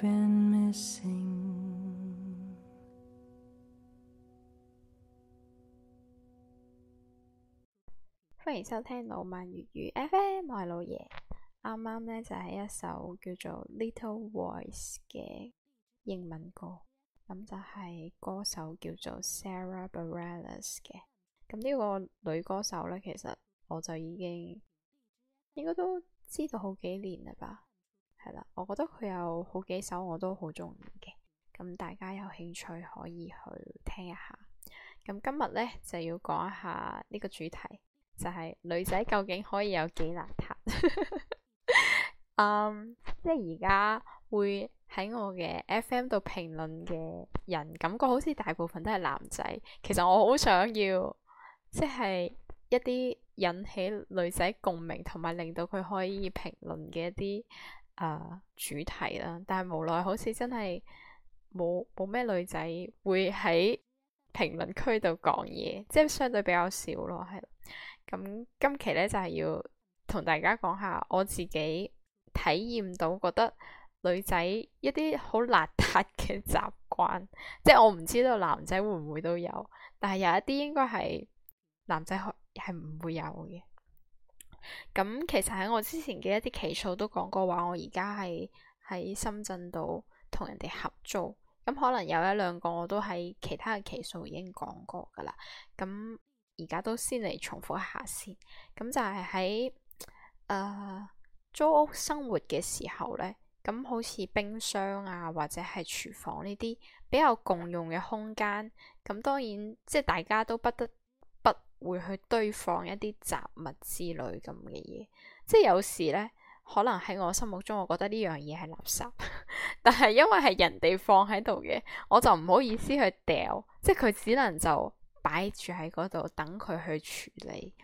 歡迎收聽老萬粵語 FM，我係老爺。啱啱呢就係、是、一首叫做《Little Voice》嘅英文歌，咁就係歌手叫做 Sarah Bareilles 嘅。咁呢個女歌手呢，其實我就已經應該都知道好幾年啦吧。係啦，我覺得佢有好幾首我都好中意嘅，咁大家有興趣可以去聽一下。咁今日咧就要講一下呢個主題，就係、是、女仔究竟可以有幾邋遢？ um, 即係而家會喺我嘅 F.M. 度評論嘅人，感覺好似大部分都係男仔。其實我好想要，即、就、係、是、一啲引起女仔共鳴同埋令到佢可以評論嘅一啲。誒、呃，主題啦，但係無奈好似真係冇冇咩女仔會喺評論區度講嘢，即係相對比較少咯，係。咁、嗯、今期呢就係、是、要同大家講下我自己體驗到覺得女仔一啲好邋遢嘅習慣，即係我唔知道男仔會唔會都有，但係有一啲應該係男仔係唔會有嘅。咁其實喺我之前嘅一啲期數都講過話，我而家係喺深圳度同人哋合租，咁可能有一兩個我都喺其他嘅期數已經講過噶啦，咁而家都先嚟重複一下先，咁就係喺誒租屋生活嘅時候咧，咁好似冰箱啊或者係廚房呢啲比較共用嘅空間，咁當然即係大家都不得，會去堆放一啲雜物之類咁嘅嘢。即係有時呢，可能喺我心目中，我覺得呢樣嘢係垃圾， 但係因為係人哋放喺度嘅，我就唔好意思去掉，即係佢只能就擺住喺嗰度等佢去處理。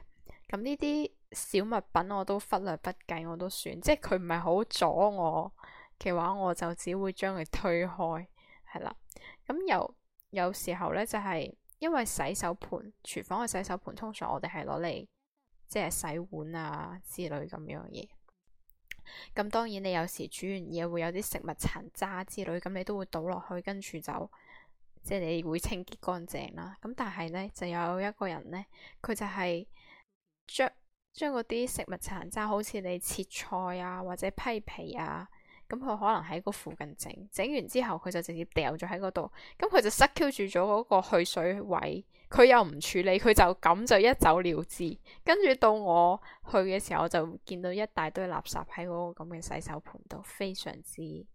咁呢啲小物品我都忽略不計，我都算，即係佢唔係好阻我嘅話，我就只會將佢推開，係啦。咁有有時候呢，就係、是。因為洗手盆廚房嘅洗手盆，通常我哋係攞嚟即係洗碗啊之類咁樣嘢。咁當然你有時煮完嘢，會有啲食物殘渣之類，咁你都會倒落去，跟住就即係你會清潔乾淨啦。咁但係呢，就有一個人呢，佢就係將將嗰啲食物殘渣，好似你切菜啊或者批皮啊。咁佢可能喺個附近整，整完之後佢就直接掉咗喺嗰度，咁佢就塞住咗嗰個去水位，佢又唔處理，佢就咁就一走了之。跟住到我去嘅時候，就見到一大堆垃圾喺嗰個咁嘅洗手盆度，非常之，即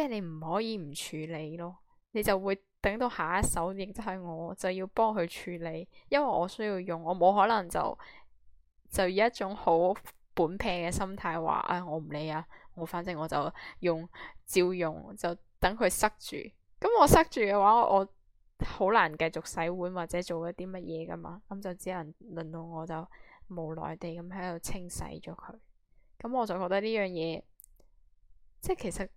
係你唔可以唔處理咯，你就會等到下一手，亦都係我就要幫佢處理，因為我需要用，我冇可能就就以一種好。本撇嘅心態話，啊、哎，我唔理啊，我反正我就用照用，就等佢塞住。咁我塞住嘅話，我好難繼續洗碗或者做一啲乜嘢噶嘛。咁就只能輪到我就無奈地咁喺度清洗咗佢。咁我就覺得呢樣嘢，即係其實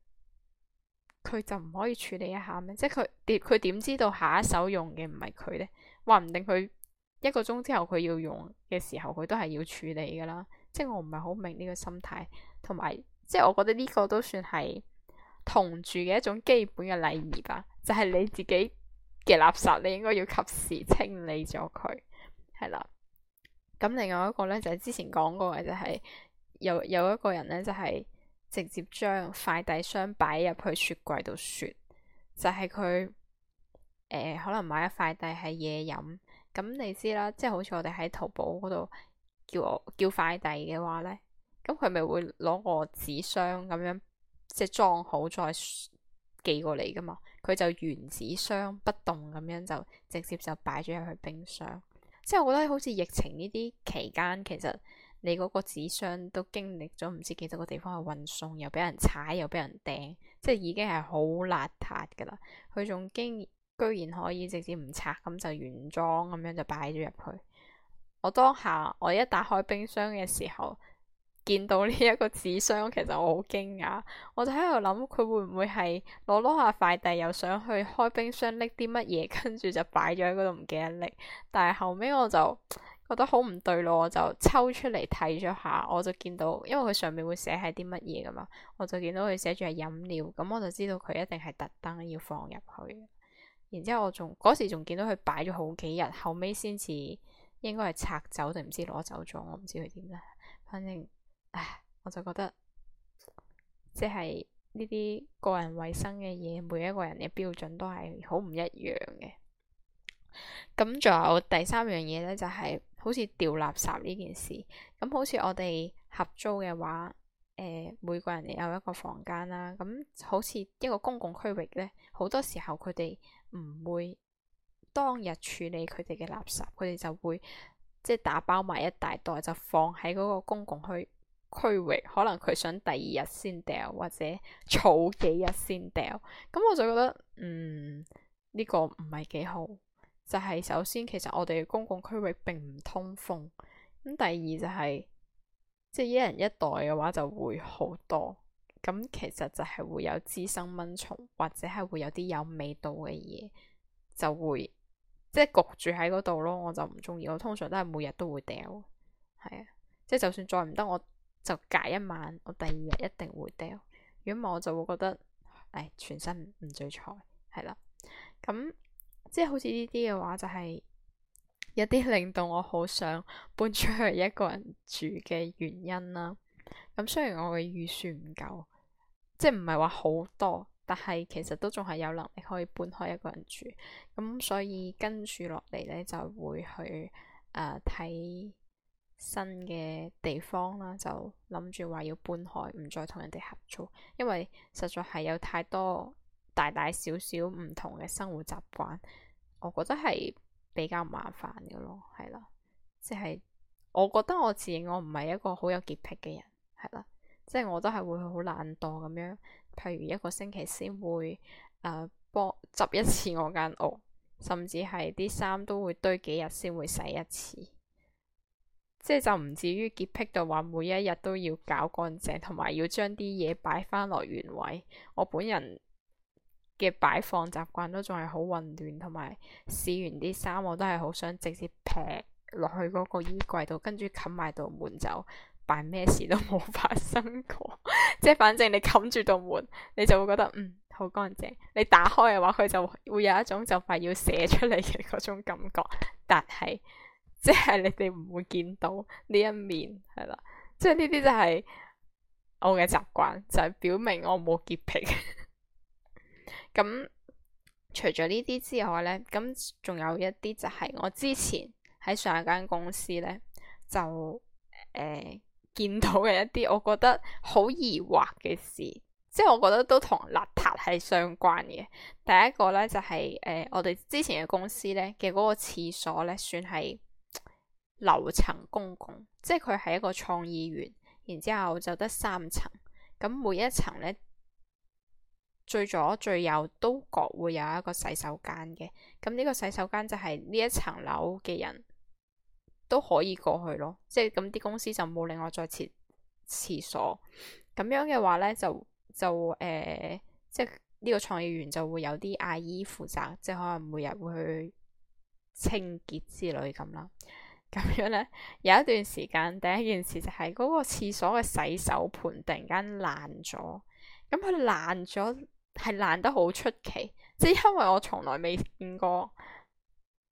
佢就唔可以處理一下咩？即係佢點佢點知道下一手用嘅唔係佢呢？話唔定佢一個鐘之後佢要用嘅時候，佢都係要處理噶啦。即係我唔係好明呢個心態，同埋即係我覺得呢個都算係同住嘅一種基本嘅禮儀吧。就係你自己嘅垃圾，你應該要及時清理咗佢，係啦。咁另外一個咧就係之前講過嘅，就係有有一個人咧就係直接將快遞箱擺入去雪櫃度雪，就係佢誒可能買嘅快遞係嘢飲，咁你知啦，即係好似我哋喺淘寶嗰度。叫我叫快遞嘅話呢，咁佢咪會攞個紙箱咁樣即係裝好再寄過嚟噶嘛？佢就原紙箱不動咁樣就直接就擺咗入去冰箱。即係我覺得好似疫情呢啲期間，其實你嗰個紙箱都經歷咗唔知幾多個地方去運送，又俾人踩又俾人掟，即係已經係好邋遢噶啦。佢仲經居然可以直接唔拆，咁就原裝咁樣就擺咗入去。我當下我一打開冰箱嘅時候，見到呢一個紙箱，其實我好驚訝，我就喺度諗佢會唔會係攞攞下快遞又想去開冰箱，拎啲乜嘢，跟住就擺咗喺嗰度，唔記得拎。但係後尾我就覺得好唔對路，我就抽出嚟睇咗下，我就見到因為佢上面會寫係啲乜嘢㗎嘛，我就見到佢寫住係飲料，咁我就知道佢一定係特登要放入去。然之後我仲嗰時仲見到佢擺咗好幾日，後尾先至。應該係拆走定唔知攞走咗，我唔知佢點啦。反正唉，我就覺得即係呢啲個人衛生嘅嘢，每一個人嘅標準都係好唔一樣嘅。咁仲有第三樣嘢咧，就係、是、好似掉垃圾呢件事。咁好似我哋合租嘅話，誒、呃，每個人有一個房間啦。咁好似一個公共區域咧，好多時候佢哋唔會。當日處理佢哋嘅垃圾，佢哋就會即係打包埋一大袋，就放喺嗰個公共區區域。可能佢想第二日先掉，或者儲幾日先掉。咁我就覺得，嗯，呢個唔係幾好。就係首先，其實我哋嘅公共區域並唔通風。咁第二就係，即係一人一袋嘅話就會好多。咁其實就係會有滋生蚊蟲，或者係會有啲有味道嘅嘢就會。即係焗住喺嗰度咯，我就唔中意。我通常都係每日都會掉，係啊。即係就算再唔得，我就隔一晚，我第二日一定會掉。如果唔係，我就會覺得誒、哎、全身唔聚財，係啦。咁、嗯、即係好似呢啲嘅話，就係、是、一啲令到我好想搬出去一個人住嘅原因啦。咁、嗯、雖然我嘅預算唔夠，即係唔係話好多。但係其實都仲係有能力可以搬開一個人住，咁所以跟住落嚟呢，就會去誒睇新嘅地方啦，就諗住話要搬開，唔再同人哋合租，因為實在係有太多大大小小唔同嘅生活習慣，我覺得係比較麻煩嘅咯，係啦，即係我覺得我自認我唔係一個好有潔癖嘅人，係啦，即係我都係會好懶惰咁樣。譬如一個星期先會誒、呃、幫執一次我間屋，甚至係啲衫都會堆幾日先會洗一次，即係就唔至於潔癖到話每一日都要搞乾淨，同埋要將啲嘢擺翻落原位。我本人嘅擺放習慣都仲係好混亂，同埋試完啲衫我都係好想直接撇落去嗰個衣櫃度，跟住冚埋度門走。扮咩事都冇發生過，即係反正你冚住道門，你就會覺得嗯好乾淨。你打開嘅話，佢就會有一種就快要寫出嚟嘅嗰種感覺。但係即係你哋唔會見到呢一面，係啦，即係呢啲就係我嘅習慣，就係、是就是、表明我冇潔癖。 咁除咗呢啲之外咧，咁仲有一啲就係我之前喺上一間公司咧，就誒。呃見到嘅，一啲我覺得好疑惑嘅事，即係我覺得都同邋遢係相關嘅。第一個呢，就係，誒，我哋之前嘅公司呢嘅嗰個廁所呢，算係樓層公共，即係佢係一個創意園，然之後就得三層，咁每一層呢，最左最右都各會有一個洗手間嘅，咁呢個洗手間就係呢一層樓嘅人。都可以過去咯，即係咁啲公司就冇另外再設廁所，咁樣嘅話呢，就就誒、呃，即係呢、這個創業園就會有啲阿姨負責，即係可能每日會去清潔之類咁啦。咁樣呢，有一段時間第一件事就係、是、嗰、那個廁所嘅洗手盆突然間爛咗，咁佢爛咗係爛得好出奇，即係因為我從來未見過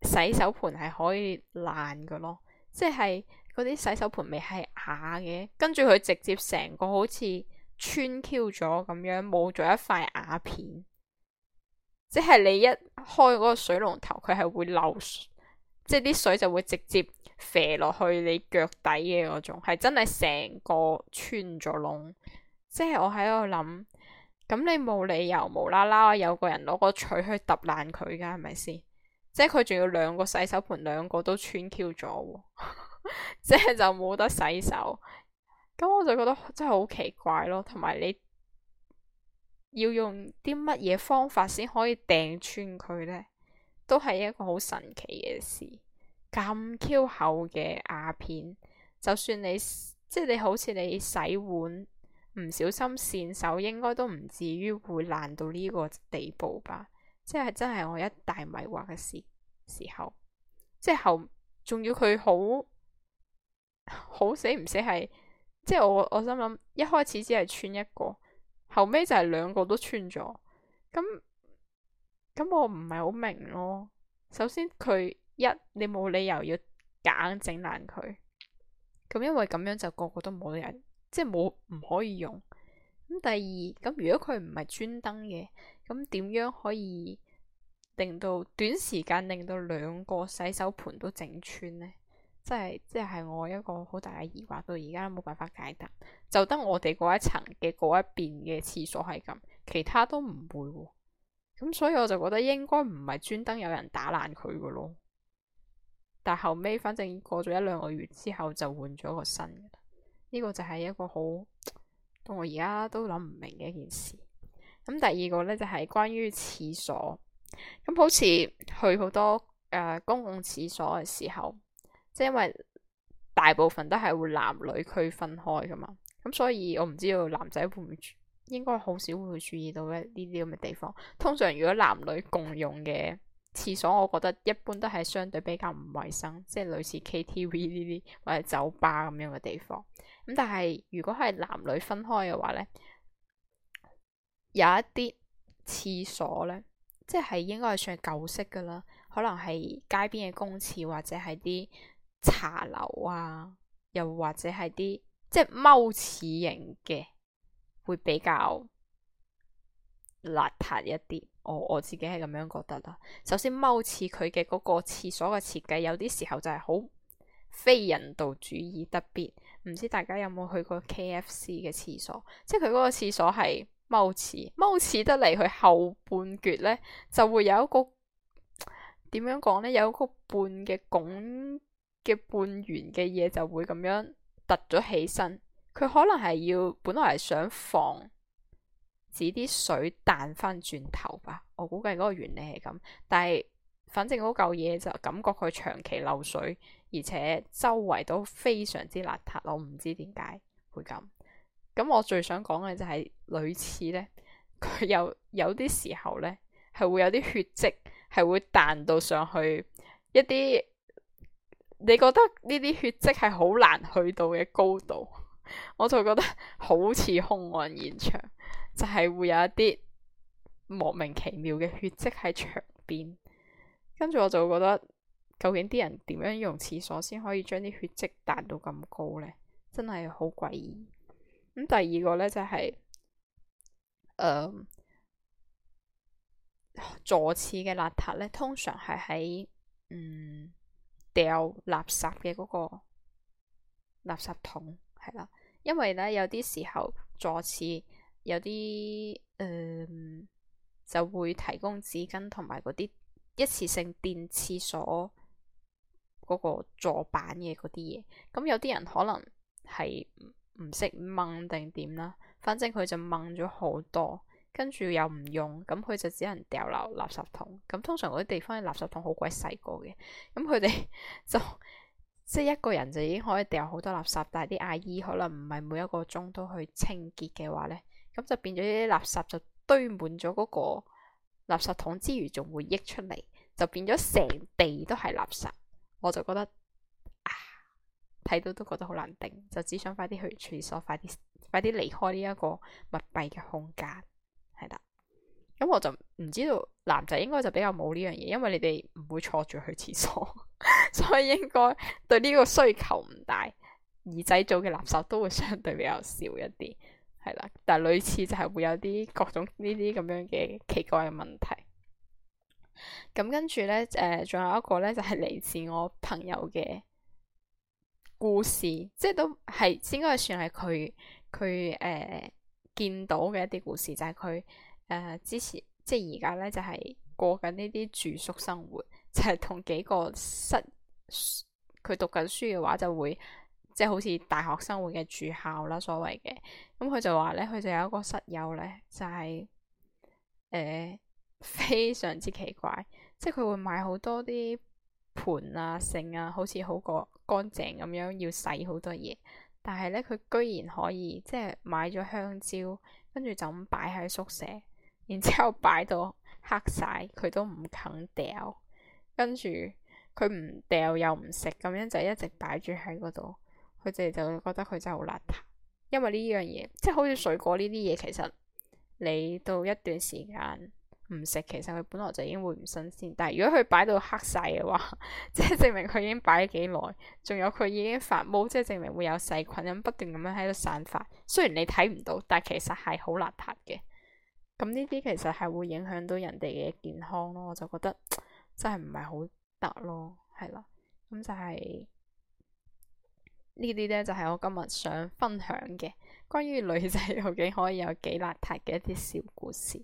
洗手盆係可以爛㗎咯。即係嗰啲洗手盤咪係瓦嘅，跟住佢直接成個好似穿 Q 咗咁樣，冇咗一塊瓦片。即係你一開嗰個水龍頭，佢係會漏，即係啲水就會直接射落去你腳底嘅嗰種，係真係成個穿咗窿。即係我喺度諗，咁你冇理由無啦啦有個人攞個錘去揼爛佢噶，係咪先？即係佢仲要兩個洗手盆，兩個都穿 Q 咗，即係就冇得洗手。咁我就覺得真係好奇怪咯。同埋你要用啲乜嘢方法先可以掟穿佢呢？都係一個好神奇嘅事。咁 Q 厚嘅瓦片，就算你即係你好似你洗碗唔小心跣手，應該都唔至於會爛到呢個地步吧。即係真係我一大迷惑嘅時時候，即係仲要佢好好死唔死係，即係我我心諗一開始只係穿一個，後尾就係兩個都穿咗，咁咁我唔係好明咯。首先佢一你冇理由要夾硬整爛佢，咁因為咁樣就個個都冇人，即係冇唔可以用。咁第二咁如果佢唔係專登嘅。咁點樣可以令到短時間令到兩個洗手盆都整穿呢？即係即係我一個好大嘅疑惑，到而家都冇辦法解答，就得我哋嗰一層嘅嗰一邊嘅廁所係咁，其他都唔會。咁所以我就覺得應該唔係專登有人打爛佢嘅咯。但後尾反正過咗一兩個月之後就換咗個新嘅，呢個就係一個好到我而家都諗唔明嘅一件事。咁第二個咧就係關於廁所，咁好似去好多誒、呃、公共廁所嘅時候，即係因為大部分都係會男女區分開噶嘛，咁所以我唔知道男仔會唔會應該好少會注意到咧呢啲咁嘅地方。通常如果男女共用嘅廁所，我覺得一般都係相對比較唔衛生，即係類似 KTV 呢啲或者酒吧咁樣嘅地方。咁但係如果係男女分開嘅話咧。有一啲廁所呢，即係應該係算舊式噶啦。可能係街邊嘅公廁，或者係啲茶樓啊，又或者係啲即係踎廁型嘅，會比較邋遢一啲。我我自己係咁樣覺得啦。首先踎廁佢嘅嗰個廁所嘅設計，有啲時候就係好非人道主義，特別唔知大家有冇去過 KFC 嘅廁所，即係佢嗰個廁所係。踎似踎似得嚟，佢後半橛呢就會有一個點樣講呢？有一個半嘅拱嘅半圓嘅嘢，就會咁樣突咗起身。佢可能係要本來係想防止啲水彈翻轉頭吧。我估計嗰個原理係咁，但係反正嗰嚿嘢就感覺佢長期漏水，而且周圍都非常之邋遢。我唔知點解會咁。咁我最想講嘅就係、是、類似呢，佢有有啲時候呢，係會有啲血跡係會彈到上去一啲，你覺得呢啲血跡係好難去到嘅高度，我就覺得好似兇案現場，就係、是、會有一啲莫名其妙嘅血跡喺牆邊，跟住我就覺得究竟啲人點樣用廁所先可以將啲血跡彈到咁高呢？真係好詭異。咁第二個咧就係、是，誒、呃、坐廁嘅邋遢咧，通常係喺嗯掉垃圾嘅嗰、那個垃圾桶，係啦。因為咧有啲時候坐廁有啲誒、呃、就會提供紙巾同埋嗰啲一次性電廁所嗰個坐板嘅嗰啲嘢，咁有啲人可能係。唔識掹定點啦，反正佢就掹咗好多，跟住又唔用，咁佢就只能掉落垃圾桶。咁通常嗰啲地方嘅垃圾桶好鬼細個嘅，咁佢哋就即係、就是、一個人就已經可以掉好多垃圾，但係啲阿姨可能唔係每一個鐘都去清潔嘅話呢，咁就變咗啲垃圾就堆滿咗嗰個垃圾桶之餘，仲會溢出嚟，就變咗成地都係垃圾。我就覺得。睇到都覺得好難頂，就只想快啲去廁所，快啲快啲離開呢一個密閉嘅空間，係啦。咁我就唔知道男仔應該就比較冇呢樣嘢，因為你哋唔會坐住去廁所， 所以應該對呢個需求唔大。耳仔做嘅垃圾都會相對比較少一啲，係啦。但係類似就係會有啲各種呢啲咁樣嘅奇怪嘅問題。咁跟住呢，誒、呃，仲有一個呢，就係、是、嚟自我朋友嘅。故事即係都係應該算係佢佢誒見到嘅一啲故事，就係佢誒之前即係而家咧就係、是、過緊呢啲住宿生活，就係、是、同幾個室佢讀緊書嘅話就會即係、就是、好似大學生活嘅住校啦，所謂嘅咁。佢、嗯、就話咧，佢就有一個室友咧就係、是、誒、呃、非常之奇怪，即係佢會買好多啲盤啊、剩啊，好似好過。乾淨咁樣要洗好多嘢，但係咧佢居然可以即係買咗香蕉，跟住就咁擺喺宿舍，然之後擺到黑晒，佢都唔肯掉，跟住佢唔掉又唔食，咁樣就一直擺住喺嗰度。佢哋就會覺得佢真係好邋遢，因為呢樣嘢即係好似水果呢啲嘢，其實你到一段時間。唔食，其實佢本來就已經會唔新鮮。但係如果佢擺到黑晒嘅話，即係證明佢已經擺咗幾耐。仲有佢已經發毛，即係證明會有細菌咁不斷咁樣喺度散發。雖然你睇唔到，但其實係好邋遢嘅。咁呢啲其實係會影響到人哋嘅健康咯。我就覺得真係唔係好得咯，係啦。咁就係呢啲呢，就係我今日想分享嘅關於女仔究竟可以有幾邋遢嘅一啲小故事。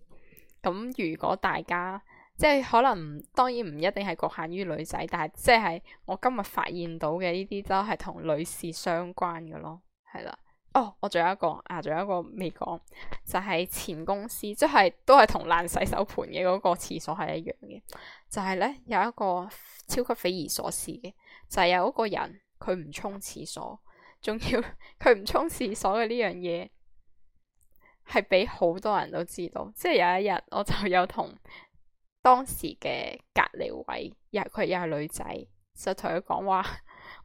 咁如果大家即係可能，當然唔一定係局限於女仔，但係即係我今日發現到嘅呢啲都係同女士相關嘅咯，係啦。哦，我仲有一個啊，仲有一個未講，就係、是、前公司即係、就是、都係同爛洗手盤嘅嗰個廁所係一樣嘅，就係、是、呢，有一個超級匪夷所思嘅，就係、是、有一個人佢唔沖廁所，仲要佢唔沖廁所嘅呢樣嘢。係俾好多人都知道，即係有一日我就有同當時嘅隔離位，又佢又係女仔，就同佢講話，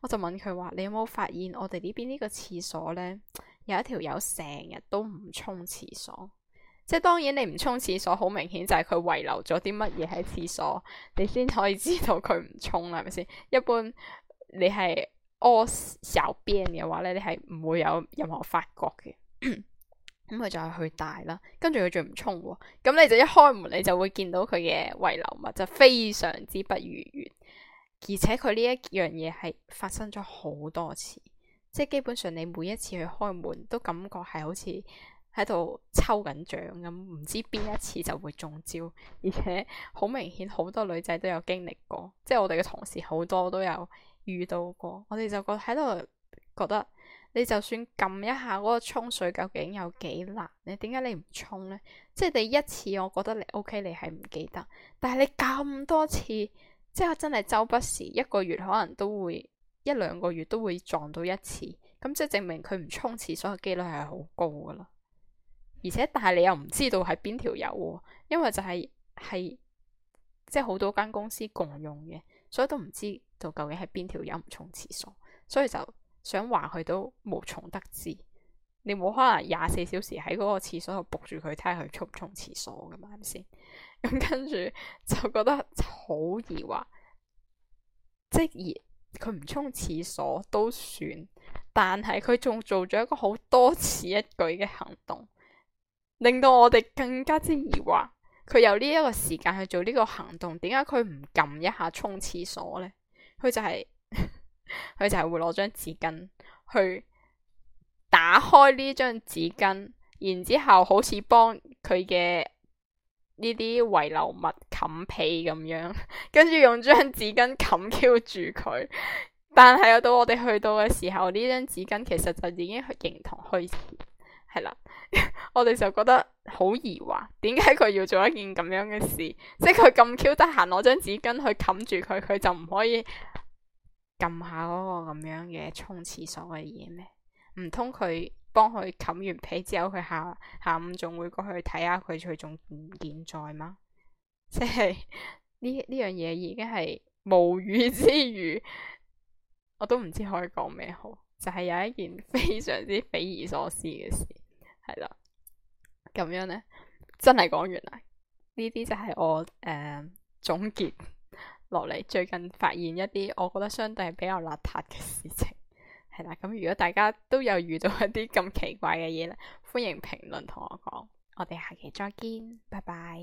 我就問佢話：你有冇發現我哋呢邊呢個廁所呢？有一條友成日都唔沖廁所？即係當然你唔沖廁所，好明顯就係佢遺留咗啲乜嘢喺廁所，你先可以知道佢唔沖啦，係咪先？一般你係屙小便嘅話呢，你係唔會有任何發覺嘅。 咁佢、嗯、就係去大啦，跟住佢仲唔沖，咁你就一開門你就會見到佢嘅遺留物就非常之不如願，而且佢呢一樣嘢係發生咗好多次，即係基本上你每一次去開門都感覺係好似喺度抽緊獎咁，唔知邊一次就會中招，而且好明顯好多女仔都有經歷過，即係我哋嘅同事好多都有遇到過，我哋就覺喺度覺得。你就算撳一下嗰個沖水，究竟有幾難咧？點解你唔沖呢？即係你一次，我覺得你 OK，你係唔記得。但係你咁多次，即係真係周不時，一個月可能都會一兩個月都會撞到一次，咁即係證明佢唔沖廁所嘅機率係好高噶啦。而且，但係你又唔知道係邊條友，因為就係係即係好多間公司共用嘅，所以都唔知道究竟係邊條友唔沖廁所，所以就。想話佢都無從得知，你冇可能廿四小時喺嗰個廁所度撲住佢睇下佢沖唔沖廁所噶嘛？係咪先？咁跟住就覺得好疑惑，即而，佢唔沖廁所都算，但係佢仲做咗一個好多此一舉嘅行動，令到我哋更加之疑惑。佢有呢一個時間去做呢個行動，點解佢唔撳一下沖廁所呢？佢就係、是。佢就係會攞張紙巾去打開呢張紙巾，然之後好似幫佢嘅呢啲遺留物冚被咁樣，跟住用張紙巾冚住佢。但係到我哋去到嘅時候，呢張紙巾其實就已經形同虛設，係啦。我哋就覺得好疑惑，點解佢要做一件咁樣嘅事？即係佢咁 Q 得閒攞張紙巾去冚住佢，佢就唔可以。撳下嗰個咁樣嘅沖廁所嘅嘢咩？唔通佢幫佢冚完被之後，佢下下午仲會過去睇下佢，佢仲唔健在嗎？即係呢，呢樣嘢已經係無語之餘，我都唔知可以講咩好。就係、是、有一件非常之匪夷所思嘅事，係啦。咁樣呢，真係講完啦。呢啲就係我誒、呃、總結。落嚟最近發現一啲我覺得相對係比較邋遢嘅事情，係喇。咁如果大家都有遇到一啲咁奇怪嘅嘢咧，歡迎評論同我講。我哋下期再見，拜拜。